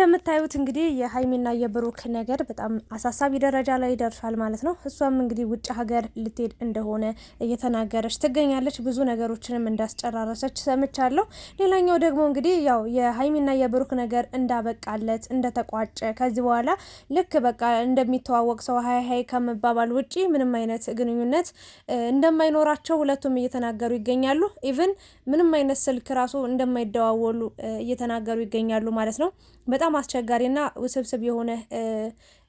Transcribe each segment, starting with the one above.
እንደምታዩት እንግዲህ የሀይሚና የብሩክ ነገር በጣም አሳሳቢ ደረጃ ላይ ደርሷል ማለት ነው። እሷም እንግዲህ ውጭ ሀገር ልትሄድ እንደሆነ እየተናገረች ትገኛለች። ብዙ ነገሮችንም እንዳስጨራረሰች ሰምቻለሁ። ሌላኛው ደግሞ እንግዲህ ያው የሀይሚና የብሩክ ነገር እንዳበቃለት እንደተቋጨ፣ ከዚህ በኋላ ልክ በቃ እንደሚተዋወቅ ሰው ሀይ ሀይ ከመባባል ውጪ ምንም አይነት ግንኙነት እንደማይኖራቸው ሁለቱም እየተናገሩ ይገኛሉ። ኢቭን ምንም አይነት ስልክ ራሱ እንደማይደዋወሉ እየተናገሩ ይገኛሉ ማለት ነው በጣም በጣም አስቸጋሪና ውስብስብ የሆነ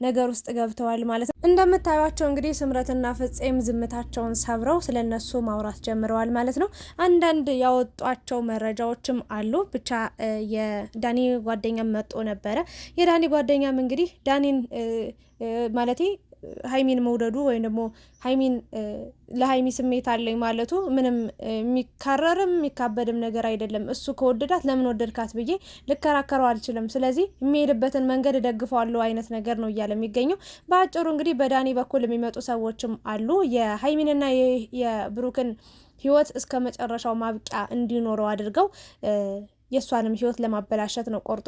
ነገር ውስጥ ገብተዋል ማለት ነው። እንደምታዩቸው እንግዲህ ስምረትና ፍጼም ዝምታቸውን ሰብረው ስለ እነሱ ማውራት ጀምረዋል ማለት ነው። አንዳንድ ያወጧቸው መረጃዎችም አሉ። ብቻ የዳኒ ጓደኛም መጦ ነበረ። የዳኒ ጓደኛም እንግዲህ ዳኒን ማለቴ ሀይሚን መውደዱ ወይም ደግሞ ሀይሚን ለሀይሚ ስሜት አለኝ ማለቱ ምንም የሚካረርም የሚካበድም ነገር አይደለም። እሱ ከወደዳት ለምን ወደድካት ብዬ ልከራከረው አልችልም። ስለዚህ የሚሄድበትን መንገድ እደግፈዋለሁ አይነት ነገር ነው እያለ የሚገኘው። በአጭሩ እንግዲህ በዳኒ በኩል የሚመጡ ሰዎችም አሉ የሀይሚንና የብሩክን ህይወት እስከ መጨረሻው ማብቂያ እንዲኖረው አድርገው የእሷንም ህይወት ለማበላሸት ነው ቆርጦ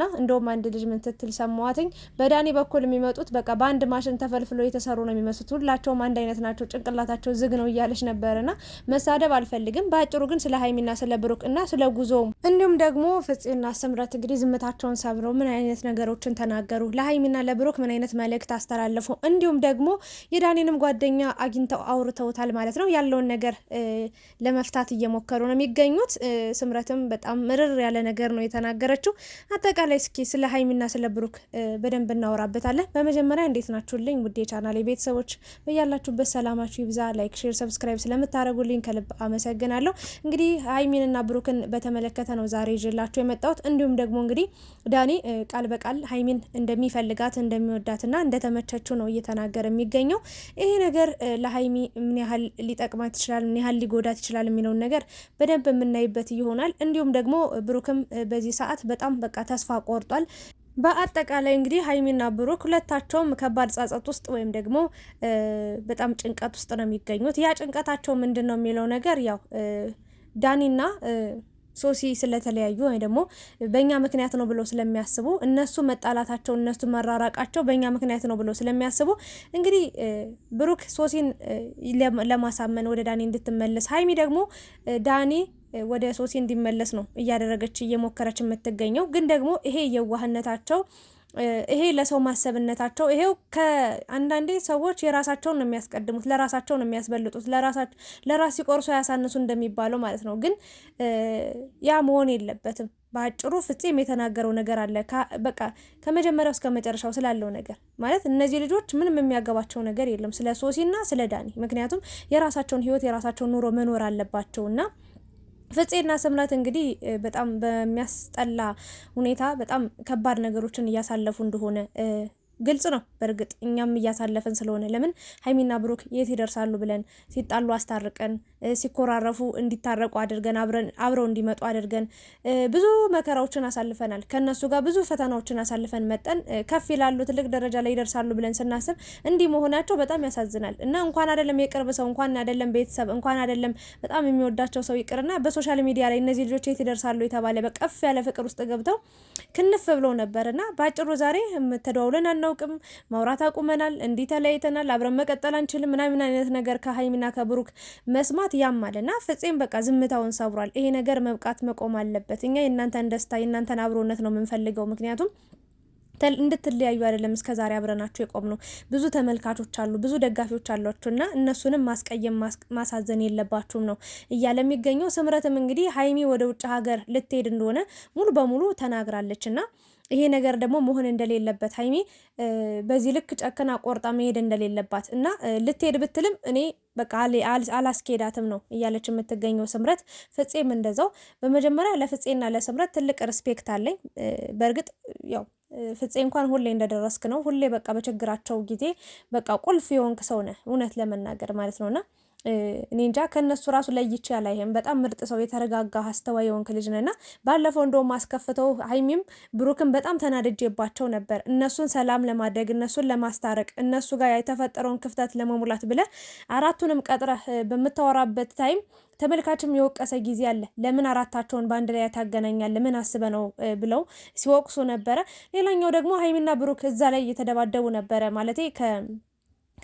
ና እንደውም አንድ ልጅ ምን ስትል ሰማዋትኝ በዳኒ በኩል የሚመጡት በቃ በአንድ ማሽን ተፈልፍሎ የተሰሩ ነው የሚመስሉት፣ ሁላቸውም አንድ አይነት ናቸው፣ ጭንቅላታቸው ዝግ ነው እያለች ነበርና መሳደብ አልፈልግም። በአጭሩ ግን ስለ ሀይሚና ስለ ብሩክ እና ስለ ጉዞውም እንዲሁም ደግሞ ፍጽና ስምረት እንግዲህ ዝምታቸውን ሰብረው ምን አይነት ነገሮችን ተናገሩ፣ ለሀይሚና ለብሩክ ምን አይነት መልእክት አስተላለፉ፣ እንዲሁም ደግሞ የዳኒንም ጓደኛ አግኝተው አውርተውታል ማለት ነው። ያለውን ነገር ለመፍታት እየሞከሩ ነው የሚገኙት። ስምረትም በጣም ምርር ያለ ነገር ነው የተናገረችው። አጠቃላይ እስኪ ስለ ሀይሚና ስለ ብሩክ በደንብ እናወራበታለን። በመጀመሪያ እንዴት ናችሁልኝ ውዴ ቻናሌ ቤተሰቦች፣ በያላችሁበት ሰላማችሁ ይብዛ። ላይክ፣ ሼር፣ ሰብስክራይብ ስለምታደርጉልኝ ከልብ አመሰግናለሁ። እንግዲህ ሀይሚንና ብሩክን በተመለከተ ነው ዛሬ ይዤላችሁ የመጣሁት። እንዲሁም ደግሞ እንግዲህ ዳኒ ቃል በቃል ሀይሚን እንደሚፈልጋት እንደሚወዳትና እንደተመቸችው ነው እየተናገረ የሚገኘው። ይሄ ነገር ለሀይሚ ምን ያህል ሊጠቅማት ይችላል፣ ምን ያህል ሊጎዳት ይችላል የሚለውን ነገር በደንብ የምናይበት ይሆናል። እንዲሁም ደግሞ ብሩክም በዚህ ሰዓት በጣም በቃ ተስፋ ቆርጧል። በአጠቃላይ እንግዲህ ሀይሚና ብሩክ ሁለታቸውም ከባድ ጸጸት ውስጥ ወይም ደግሞ በጣም ጭንቀት ውስጥ ነው የሚገኙት። ያ ጭንቀታቸው ምንድን ነው የሚለው ነገር ያው ዳኒና ሶሲ ስለተለያዩ ወይ ደግሞ በእኛ ምክንያት ነው ብለው ስለሚያስቡ እነሱ መጣላታቸው እነሱ መራራቃቸው በእኛ ምክንያት ነው ብለው ስለሚያስቡ እንግዲህ ብሩክ ሶሲን ለማሳመን ወደ ዳኒ እንድትመለስ ሀይሚ ደግሞ ዳኒ ወደ ሶሲ እንዲመለስ ነው እያደረገች እየሞከረች የምትገኘው። ግን ደግሞ ይሄ የዋህነታቸው ይሄ ለሰው ማሰብነታቸው ይሄው ከአንዳንዴ ሰዎች የራሳቸውን ነው የሚያስቀድሙት፣ ለራሳቸው ነው የሚያስበልጡት፣ ለራስ ሲቆርሱ ያሳንሱ እንደሚባለው ማለት ነው። ግን ያ መሆን የለበትም። በአጭሩ ፍፄም የተናገረው ነገር አለ። በቃ ከመጀመሪያው እስከ መጨረሻው ስላለው ነገር ማለት እነዚህ ልጆች ምንም የሚያገባቸው ነገር የለም ስለ ሶሲና ስለ ዳኒ። ምክንያቱም የራሳቸውን ህይወት የራሳቸውን ኑሮ መኖር አለባቸውና ፍፄና ስምረት እንግዲህ በጣም በሚያስጠላ ሁኔታ በጣም ከባድ ነገሮችን እያሳለፉ እንደሆነ ግልጽ ነው። በእርግጥ እኛም እያሳለፈን ስለሆነ ለምን ሀይሚና ብሩክ የት ይደርሳሉ ብለን ሲጣሉ አስታርቀን፣ ሲኮራረፉ እንዲታረቁ አድርገን አብረው እንዲመጡ አድርገን ብዙ መከራዎችን አሳልፈናል። ከእነሱ ጋር ብዙ ፈተናዎችን አሳልፈን መጠን ከፍ ይላሉ፣ ትልቅ ደረጃ ላይ ይደርሳሉ ብለን ስናስብ እንዲህ መሆናቸው በጣም ያሳዝናል። እና እንኳን አይደለም የቅርብ ሰው እንኳን አይደለም ቤተሰብ እንኳን አይደለም በጣም የሚወዳቸው ሰው ይቅርና በሶሻል ሚዲያ ላይ እነዚህ ልጆች የት ይደርሳሉ የተባለ በቀፍ ያለ ፍቅር ውስጥ ገብተው ክንፍ ብለው ነበርና በአጭሩ ዛሬ የምትደዋውለን አናውቅም፣ ማውራት አቁመናል፣ እንዲህ ተለያይተናል፣ አብረን መቀጠል አንችልም ምናምን አይነት ነገር ከሀይሚና ከብሩክ መስማት ያማልና ፍፄም በቃ ዝምታውን ሰብሯል። ይሄ ነገር መብቃት መቆም አለበት። እኛ የእናንተን ደስታ የእናንተን አብሮነት ነው የምንፈልገው ምክንያቱም እንድትለያዩ አይደለም እስከ ዛሬ አብረናችሁ የቆም ነው። ብዙ ተመልካቾች አሉ፣ ብዙ ደጋፊዎች አሏችሁ እና እነሱንም ማስቀየም ማሳዘን የለባችሁም ነው እያለ የሚገኘው ስምረትም እንግዲህ ሀይሚ ወደ ውጭ ሀገር ልትሄድ እንደሆነ ሙሉ በሙሉ ተናግራለች እና ይሄ ነገር ደግሞ መሆን እንደሌለበት ሀይሚ በዚህ ልክ ጨክና ቆርጣ መሄድ እንደሌለባት እና ልትሄድ ብትልም እኔ በቃ አላስኬዳትም ነው እያለች የምትገኘው ስምረት። ፍፄም እንደዛው። በመጀመሪያ ለፍፄና ለስምረት ትልቅ ሪስፔክት አለኝ። በእርግጥ ያው ፍፄ እንኳን ሁሌ እንደደረስክ ነው። ሁሌ በቃ በችግራቸው ጊዜ በቃ ቁልፍ የሆንክ ሰው ነህ እውነት ለመናገር ማለት ነውና እኔ እንጃ ከእነሱ ራሱ ለይቼ አላይህም። በጣም ምርጥ ሰው፣ የተረጋጋ አስተዋይ የሆንክ ልጅ ነህ ባለፈው እንደውም አስከፍተው ሀይሚም ብሩክም በጣም ተናድጄባቸው ነበር። እነሱን ሰላም ለማድረግ እነሱን ለማስታረቅ እነሱ ጋር የተፈጠረውን ክፍተት ለመሙላት ብለህ አራቱንም ቀጥረህ በምታወራበት ታይም ተመልካችም የወቀሰ ጊዜ አለ። ለምን አራታቸውን በአንድ ላይ ያታገናኛል? ለምን አስበ ነው ብለው ሲወቅሱ ነበረ። ሌላኛው ደግሞ ሀይሚና ብሩክ እዛ ላይ እየተደባደቡ ነበረ ማለቴ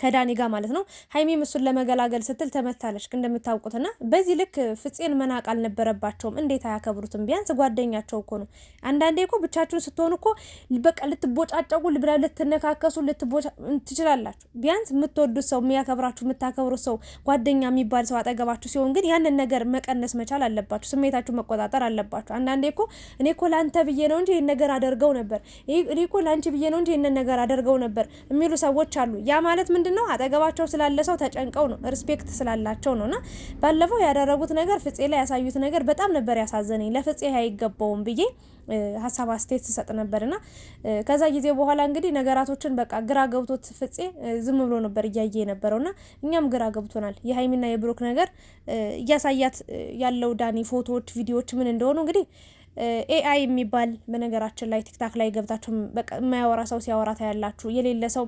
ከዳኒ ጋር ማለት ነው። ሀይሚም እሱን ለመገላገል ስትል ተመታለች እንደምታውቁትና፣ በዚህ ልክ ፍፄን መናቅ አልነበረባቸውም። እንዴት አያከብሩትም? ቢያንስ ጓደኛቸው እኮ ነው። አንዳንዴ እኮ ብቻችሁን ስትሆኑ እኮ በቃ ልትቦጫጨቁ፣ ልትነካከሱ ትችላላችሁ። ቢያንስ የምትወዱት ሰው የሚያከብራችሁ፣ የምታከብሩት ሰው ጓደኛ የሚባል ሰው አጠገባችሁ ሲሆን ግን ያንን ነገር መቀነስ መቻል አለባችሁ። ስሜታችሁ መቆጣጠር አለባችሁ። አንዳንዴ እኮ እኔ እኮ ለአንተ ብዬ ነው እንጂ ይህን ነገር አደርገው ነበር፣ እኔ እኮ ለአንቺ ብዬ ነው እንጂ ይህንን ነገር አደርገው ነበር የሚሉ ሰዎች አሉ። ያ ማለት ምን ምንድን ነው አጠገባቸው ስላለ ሰው ተጨንቀው ነው፣ ሪስፔክት ስላላቸው ነው። እና ባለፈው ያደረጉት ነገር ፍፄ ላይ ያሳዩት ነገር በጣም ነበር ያሳዘነኝ። ለፍፄ አይገባውም ብዬ ሀሳብ አስተያየት ስሰጥ ነበርና ከዛ ጊዜ በኋላ እንግዲህ ነገራቶችን በቃ ግራ ገብቶት ፍፄ ዝም ብሎ ነበር እያየ የነበረውና እኛም ግራ ገብቶናል። የሀይሚና የብሩክ ነገር እያሳያት ያለው ዳኒ ፎቶዎች፣ ቪዲዮዎች ምን እንደሆኑ እንግዲህ ኤአይ የሚባል በነገራችን ላይ ቲክታክ ላይ ገብታችሁ በቃ የማያወራ ሰው ሲያወራ ታያላችሁ የሌለ ሰው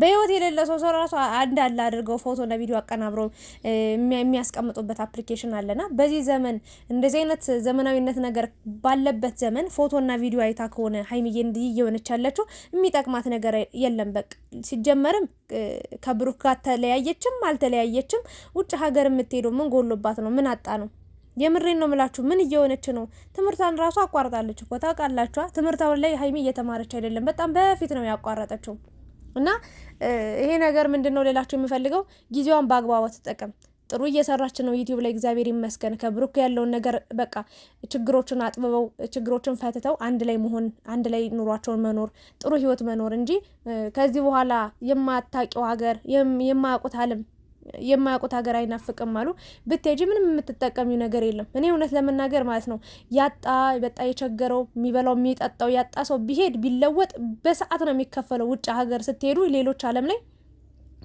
በህይወት የሌለ ሰው ሰው ራሱ አለ አድርገው ፎቶ እና ቪዲዮ አቀናብረው የሚያስቀምጡበት አፕሊኬሽን አለና በዚህ ዘመን እንደዚህ አይነት ዘመናዊነት ነገር ባለበት ዘመን ፎቶና ቪዲዮ አይታ ከሆነ ሀይሚዬ እንዲህ እየሆነች ያለችው የሚጠቅማት ነገር የለም። በቃ ሲጀመርም ከብሩክ ጋር ተለያየችም አልተለያየችም ውጭ ሀገር የምትሄደው ምን ጎሎባት ነው? ምን አጣ ነው? የምሬን ነው ምላችሁ። ምን እየሆነች ነው? ትምህርቷን ራሱ አቋርጣለች እኮ ታውቃላችኋ። ትምህርቷን ላይ ሀይሚ እየተማረች አይደለም። በጣም በፊት ነው ያቋረጠችው። እና ይሄ ነገር ምንድን ነው ሌላቸው የምፈልገው ጊዜዋን በአግባቡ ትጠቀም። ጥሩ እየሰራች ነው ዩቲዩብ ላይ እግዚአብሔር ይመስገን። ከብሩክ ያለውን ነገር በቃ ችግሮችን አጥብበው ችግሮችን ፈትተው አንድ ላይ መሆን አንድ ላይ ኑሯቸውን መኖር ጥሩ ህይወት መኖር እንጂ ከዚህ በኋላ የማታውቂው ሀገር የማያውቁት ዓለም የማያውቁት ሀገር አይናፍቅም አሉ። ብትሄጂ ምንም የምትጠቀሚው ነገር የለም። እኔ እውነት ለመናገር ማለት ነው ያጣ በጣ የቸገረው የሚበላው የሚጠጣው ያጣ ሰው ቢሄድ ቢለወጥ በሰዓት ነው የሚከፈለው። ውጭ ሀገር ስትሄዱ ሌሎች አለም ላይ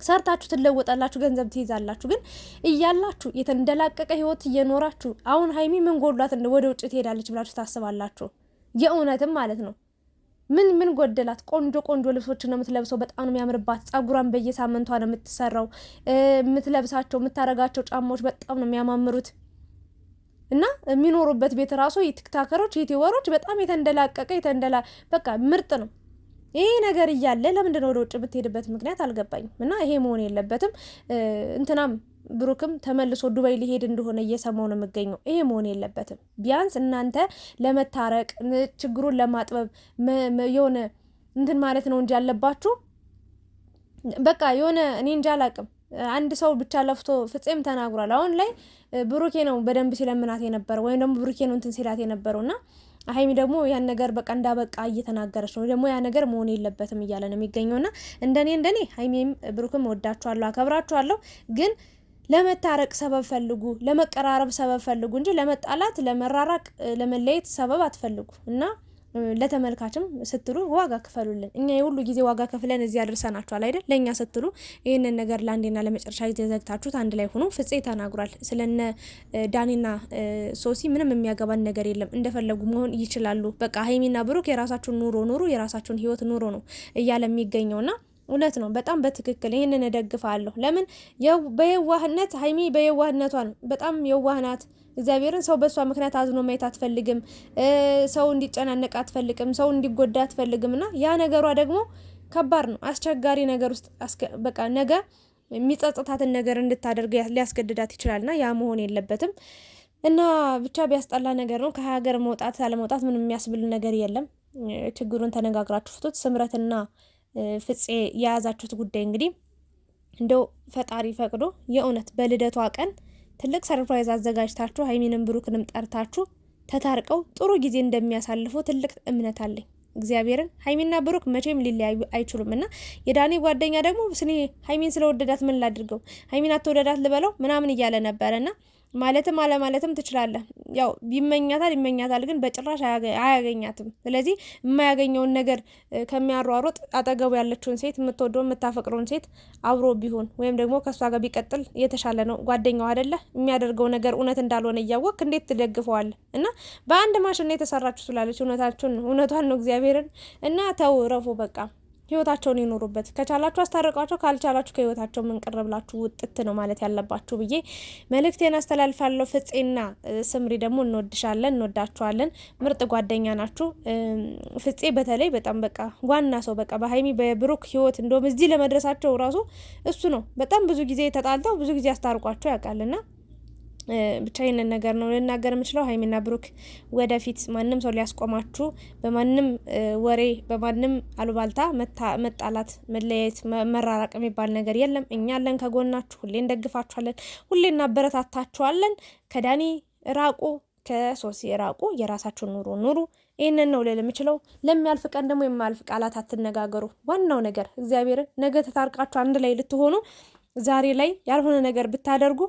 ሰርታችሁ ትለወጣላችሁ፣ ገንዘብ ትይዛላችሁ። ግን እያላችሁ የተንደላቀቀ ህይወት እየኖራችሁ አሁን ሀይሚ ምን ጎሏት ወደ ውጭ ትሄዳለች ብላችሁ ታስባላችሁ? የእውነትም ማለት ነው ምን ምን ጎደላት? ቆንጆ ቆንጆ ልብሶች ነው የምትለብሰው። በጣም ነው የሚያምርባት። ጸጉሯን በየሳምንቷ ነው የምትሰራው። የምትለብሳቸው የምታረጋቸው ጫማዎች በጣም ነው የሚያማምሩት። እና የሚኖሩበት ቤት ራሱ የቲክታከሮች የቲወሮች በጣም የተንደላቀቀ የተንደላ በቃ ምርጥ ነው። ይሄ ነገር እያለ ለምንድን ነው ወደ ውጭ የምትሄድበት ምክንያት አልገባኝም። እና ይሄ መሆን የለበትም እንትናም ብሩክም ተመልሶ ዱባይ ሊሄድ እንደሆነ እየሰማው ነው የሚገኘው። ይሄ መሆን የለበትም። ቢያንስ እናንተ ለመታረቅ ችግሩን ለማጥበብ የሆነ እንትን ማለት ነው እንጂ ያለባችሁ በቃ የሆነ እኔ እንጃ አላቅም። አንድ ሰው ብቻ ለፍቶ ፍፄም ተናግሯል። አሁን ላይ ብሩኬ ነው በደንብ ሲለምናት የነበረው ወይም ደግሞ ብሩኬ ነው እንትን ሲላት የነበረው እና ሀይሚ ደግሞ ያን ነገር በቃ እንዳበቃ እየተናገረች ነው። ደግሞ ያ ነገር መሆን የለበትም እያለ ነው የሚገኘው እና እንደኔ እንደኔ ሀይሚም ብሩክም ወዳችኋለሁ፣ አከብራችኋለሁ ግን ለመታረቅ ሰበብ ፈልጉ፣ ለመቀራረብ ሰበብ ፈልጉ እንጂ ለመጣላት፣ ለመራራቅ፣ ለመለየት ሰበብ አትፈልጉ እና ለተመልካችም ስትሉ ዋጋ ክፈሉልን። እኛ የሁሉ ጊዜ ዋጋ ክፍለን እዚህ አድርሰናችኋል አይደል? ለእኛ ስትሉ ይህንን ነገር ለአንዴና ለመጨረሻ ጊዜ ዘግታችሁት አንድ ላይ ሆኖ ፍፄ ተናግሯል። ስለነ ዳኒና ሶሲ ምንም የሚያገባን ነገር የለም፣ እንደፈለጉ መሆን ይችላሉ። በቃ ሀይሚና ብሩክ የራሳችሁን ኑሮ ኑሩ፣ የራሳችሁን ህይወት ኑሮ ነው እያለ የሚገኘውና እውነት ነው። በጣም በትክክል ይህንን እደግፋለሁ። ለምን በየዋህነት ሀይሚ በየዋህነቷ ነው። በጣም የዋህናት እግዚአብሔርን ሰው በእሷ ምክንያት አዝኖ ማየት አትፈልግም። ሰው እንዲጨናነቅ አትፈልግም። ሰው እንዲጎዳ አትፈልግም። እና ያ ነገሯ ደግሞ ከባድ ነው። አስቸጋሪ ነገር ውስጥ በቃ ነገ የሚጸጽታትን ነገር እንድታደርግ ሊያስገድዳት ይችላልና ያ መሆን የለበትም። እና ብቻ ቢያስጠላ ነገር ነው። ከሀገር መውጣት አለመውጣት ምንም የሚያስብል ነገር የለም። ችግሩን ተነጋግራችሁ ፍቱት። ስምረትና ፍፄ የያዛችሁት ጉዳይ እንግዲህ እንደው ፈጣሪ ፈቅዶ የእውነት በልደቷ ቀን ትልቅ ሰርፕራይዝ አዘጋጅታችሁ ሀይሚንም ብሩክንም ጠርታችሁ ተታርቀው ጥሩ ጊዜ እንደሚያሳልፉ ትልቅ እምነት አለኝ። እግዚአብሔርን ሀይሚና ብሩክ መቼም ሊለያዩ አይችሉም። እና የዳኒ ጓደኛ ደግሞ ስኔ ሀይሚን ስለወደዳት ምን ላድርገው፣ ሀይሚን አትወደዳት ልበለው ምናምን እያለ ነበረ እና ማለትም አለማለትም ትችላለህ። ያው ይመኛታል ይመኛታል፣ ግን በጭራሽ አያገኛትም። ስለዚህ የማያገኘውን ነገር ከሚያሯሩጥ አጠገቡ ያለችውን ሴት የምትወደው የምታፈቅረውን ሴት አብሮ ቢሆን ወይም ደግሞ ከእሷ ጋር ቢቀጥል የተሻለ ነው። ጓደኛው አደለ የሚያደርገው ነገር እውነት እንዳልሆነ እያወቅ እንዴት ትደግፈዋል? እና በአንድ ማሽን የተሰራችሁ ስላለች እውነታችሁን እውነቷን ነው እግዚአብሔርን እና ተው ረፎ በቃ ህይወታቸውን ይኖሩበት። ከቻላችሁ አስታርቋቸው፣ ካልቻላችሁ ከህይወታቸው ምንቅር ውጥት ነው ማለት ያለባችሁ ብዬ መልእክቴን አስተላልፋለሁ። ፍጼና ስምሪ ደግሞ እንወድሻለን፣ እንወዳችኋለን። ምርጥ ጓደኛ ናችሁ። ፍጼ በተለይ በጣም በቃ ዋና ሰው በቃ በሀይሚ በብሩክ ህይወት እንደውም እዚህ ለመድረሳቸው ራሱ እሱ ነው። በጣም ብዙ ጊዜ ተጣልተው ብዙ ጊዜ አስታርቋቸው ያውቃልና ብቻ ይህንን ነገር ነው ልናገር የምችለው። ሀይሚና ብሩክ ወደፊት ማንም ሰው ሊያስቆማችሁ በማንም ወሬ በማንም አሉባልታ መጣላት፣ መለያየት፣ መራራቅ የሚባል ነገር የለም። እኛ አለን ከጎናችሁ፣ ሁሌ እንደግፋችኋለን፣ ሁሌ እናበረታታችኋለን። ከዳኒ ራቁ፣ ከሶሲ ራቁ፣ የራሳችሁን ኑሮ ኑሩ። ይህንን ነው ልል የምችለው። ለሚያልፍ ቀን ደግሞ የማያልፍ ቃላት አትነጋገሩ። ዋናው ነገር እግዚአብሔርን ነገ ተታርቃችሁ አንድ ላይ ልትሆኑ ዛሬ ላይ ያልሆነ ነገር ብታደርጉ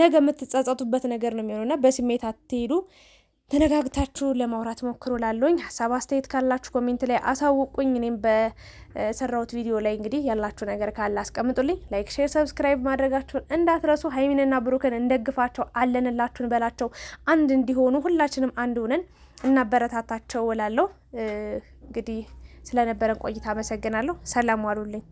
ነገ የምትጸጸቱበት ነገር ነው የሚሆነውና በስሜት አትሄዱ። ተነጋግታችሁ ለማውራት ሞክሩ። ላለኝ ሀሳብ አስተያየት ካላችሁ ኮሜንት ላይ አሳውቁኝ። እኔም በሰራሁት ቪዲዮ ላይ እንግዲህ ያላችሁ ነገር ካለ አስቀምጡልኝ። ላይክ፣ ሼር፣ ሰብስክራይብ ማድረጋችሁን እንዳትረሱ። ሀይሚንና ብሩክን እንደግፋቸው፣ አለንላችሁን በላቸው። አንድ እንዲሆኑ ሁላችንም አንድ ሆነን እናበረታታቸው እላለሁ። እንግዲህ ስለነበረን ቆይታ አመሰግናለሁ። ሰላም ዋሉልኝ።